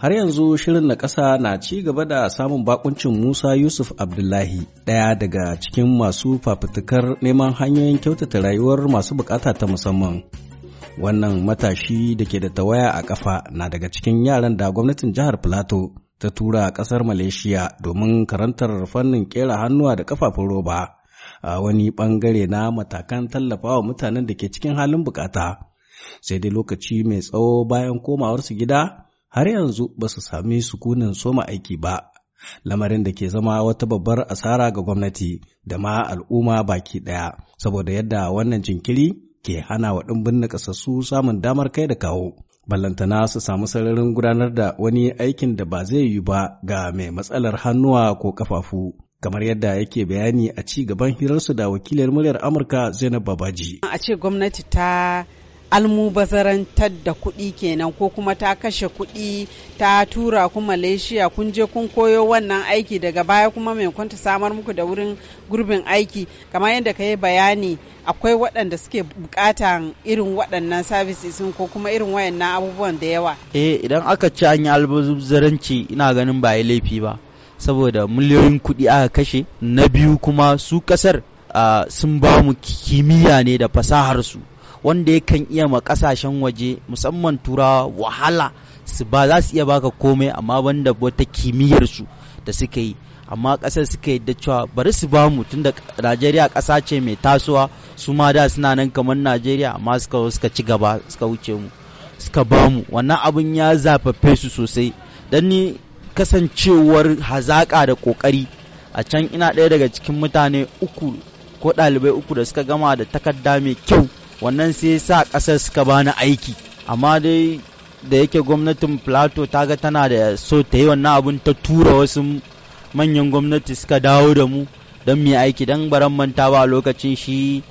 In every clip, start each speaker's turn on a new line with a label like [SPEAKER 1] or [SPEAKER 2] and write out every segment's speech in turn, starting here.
[SPEAKER 1] Har yanzu shirin na ƙasa na ci gaba da samun bakuncin Musa Yusuf Abdullahi, ɗaya daga cikin masu fafutukar neman hanyoyin kyautata rayuwar masu bukata ta musamman. Wannan matashi da ke da tawaya a ƙafa na daga cikin yaran da gwamnatin jihar Filato ta tura ƙasar Malaysia domin karantar fannin ƙera hannuwa da kafafun roba. a wani bangare na matakan tallafawa mutanen da ke cikin halin bukata sai dai lokaci mai tsawo bayan komawarsu gida har yanzu ba su sami sukunin soma aiki ba, lamarin da ke zama wata babbar asara ga gwamnati da ma al'umma baki ɗaya, saboda yadda wannan jinkiri ke hana wa na nakasassu samun damar kai da kawo. Ballantana su samu sararin gudanar da wani aikin da ba zai yi ba ga mai matsalar hannuwa ko kafafu. kamar yadda yake bayani a ci gaban hirarsu da wakilar muryar amurka zainab babaji
[SPEAKER 2] a ce gwamnati ta almubazarantar da kuɗi kenan ko kuma ta kashe kuɗi ta tura ku malaysia kun je kun koyo wannan aiki daga baya kuma mai kwanta samar muku da wurin gurbin aiki kamar yadda ka yi bayani akwai waɗanda suke buƙatan irin waɗannan services ko kuma irin wayannan abubuwan da yawa
[SPEAKER 3] eh idan aka ci an yi albazaranci ina ganin ba ya laifi ba saboda miliyoyin kuɗi aka kashe na biyu kuma su ƙasar ah, sun ba mu kimiyya ne da fasahar su wanda yakan iya ma kasashen waje musamman turawa wahala su ba za su iya baka komai amma banda wata kimiyyar su da suka yi amma kasar suka yadda cewa bari su ba mu tunda Najeriya kasa ce mai tasowa su ma da suna nan kamar Najeriya amma suka suka ci gaba suka wuce mu suka ba mu wannan abun ya zafafe su sosai dan ni kasancewar hazaka da kokari a can ina ɗaya daga cikin mutane uku ko ɗalibai uku da suka gama da takarda mai kyau wannan sai sa ƙasar suka bani aiki amma dai da yake gwamnatin plato ta ga tana da so ta yi wannan abin ta tura wasu manyan gwamnati suka dawo da mu don mai aiki don baran manta ba lokacin shi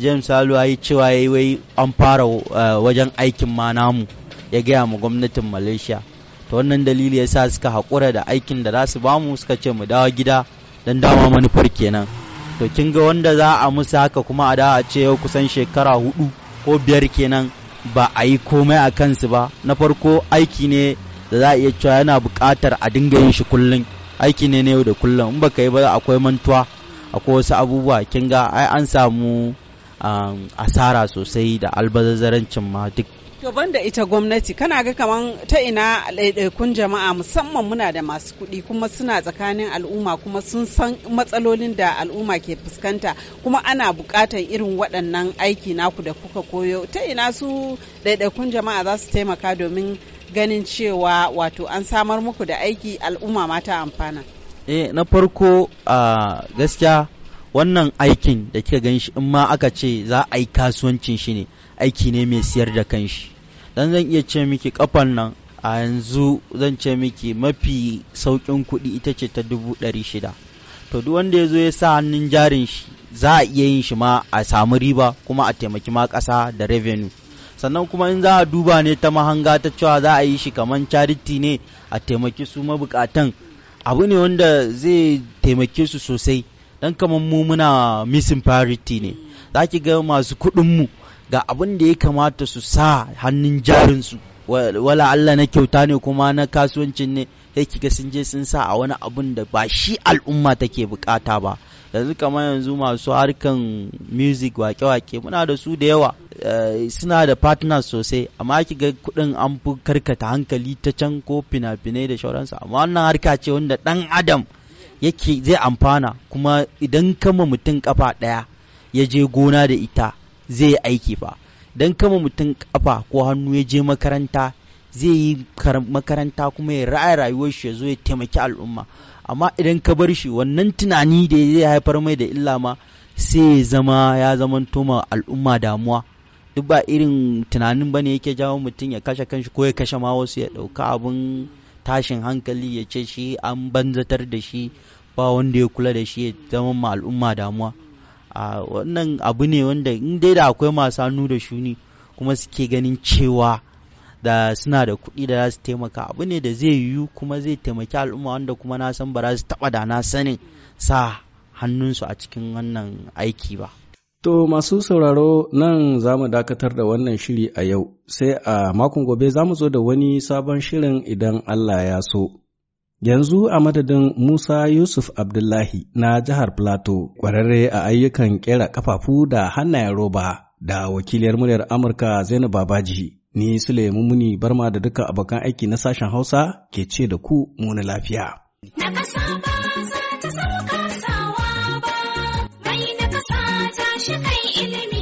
[SPEAKER 3] james salu yi cewa ya wai an fara eh, wajen aikin ma namu ya gaya ma gwamnatin malaysia ta wannan dalili ya sa suka haƙura da aikin da za su bamu suka ce mu dawo gida don dama manufar kenan to kin ga wanda za a musu haka kuma a da a ce yau kusan shekara hudu ko biyar kenan ba a yi komai a kansu ba na farko aiki ne da za a iya cewa yana buƙatar a dinga yin shi kullum aiki ne na yau da kullum in baka yi ba akwai mantuwa akwai wasu abubuwa kin ga ai an samu Um, asara sosai da albazazzarancin ma duk
[SPEAKER 2] To da ita gwamnati kana ga kamar ta ina ɗaiɗaikun jama'a musamman muna da masu kuɗi kuma suna tsakanin al'umma kuma sun san matsalolin da al'umma ke fuskanta kuma ana buƙatar irin waɗannan aiki naku da kuka koyo ta ina su ɗaiɗaikun jama'a za su taimaka domin ganin cewa wato an samar muku da aiki al'umma ma ta amfana.
[SPEAKER 3] Eh na farko a ah, gaskiya wannan aikin da kika gan shi in ma aka ce za a yi kasuwancin shi ne aiki ne mai siyar da kanshi dan zan iya ce miki kafan nan a yanzu zan ce miki mafi saukin kuɗi ita ce ta dubu ɗari shida to duk wanda ya zo ya sa hannun jarin shi za a iya yin shi ma a samu riba kuma a taimaki ma ƙasa da revenue sannan kuma in za a duba ne ta mahanga ta cewa za a yi shi kamar charity ne a taimaki su mabukatan abu ne wanda zai taimake su sosai dan kamar mu muna missing parity ne za ki ga masu kuɗin mu ga abin da ya kamata su sa hannun jarinsu wala Allah na kyauta ne kuma na kasuwancin ne sai kiga sun je sun sa a wani abun da ba shi al'umma take bukata ba yanzu kamar yanzu masu harkan music wake-wake muna da su da yawa eh, suna da partners sosai amma ki ga kudin an fi karkata hankali ta can ko fina-finai da shauransu amma wannan harka ce wanda dan adam yake zai amfana kuma idan kama mutum kafa ɗaya ya je gona da ita zai yi aiki fa don kama mutum kafa ko hannu ya je makaranta zai yi makaranta kuma ya ra'ayi rayuwar shi ya zo ya taimaki al'umma amma idan ka bar shi wannan tunani da zai haifar mai da illa ma sai ya zama ya zama toma al'umma damuwa duk ba irin tunanin bane yake jawo mutum ya kashe kanshi ko ya kashe ma wasu ya ɗauka abin tashin hankali ya ce shi an banzatar da shi ba wanda ya kula da shi ya zama ma al'umma damuwa a wannan abu ne wanda in dai da akwai masu hannu da shuni kuma suke ganin cewa da suna da kuɗi da za su taimaka abu ne da zai yiwu kuma zai taimaki al'umma wanda kuma na san ba za su taɓa da na sanin sa hannunsu a cikin wannan aiki ba
[SPEAKER 1] To masu sauraro nan za mu dakatar da wannan shiri a yau, sai a makon gobe za mu zo da wani sabon shirin idan Allah ya so. Yanzu a madadin Musa Yusuf Abdullahi na jihar Plateau, ƙwararre a ayyukan ƙera kafafu da hannayen roba da wakiliyar muryar Amurka Zainab Babaji, ni Sule Mumuni Barma da duka abokan aiki na sashen Hausa ke ce da ku muni lafiya. za ta
[SPEAKER 2] sauka sawa. mata shi kai ilimi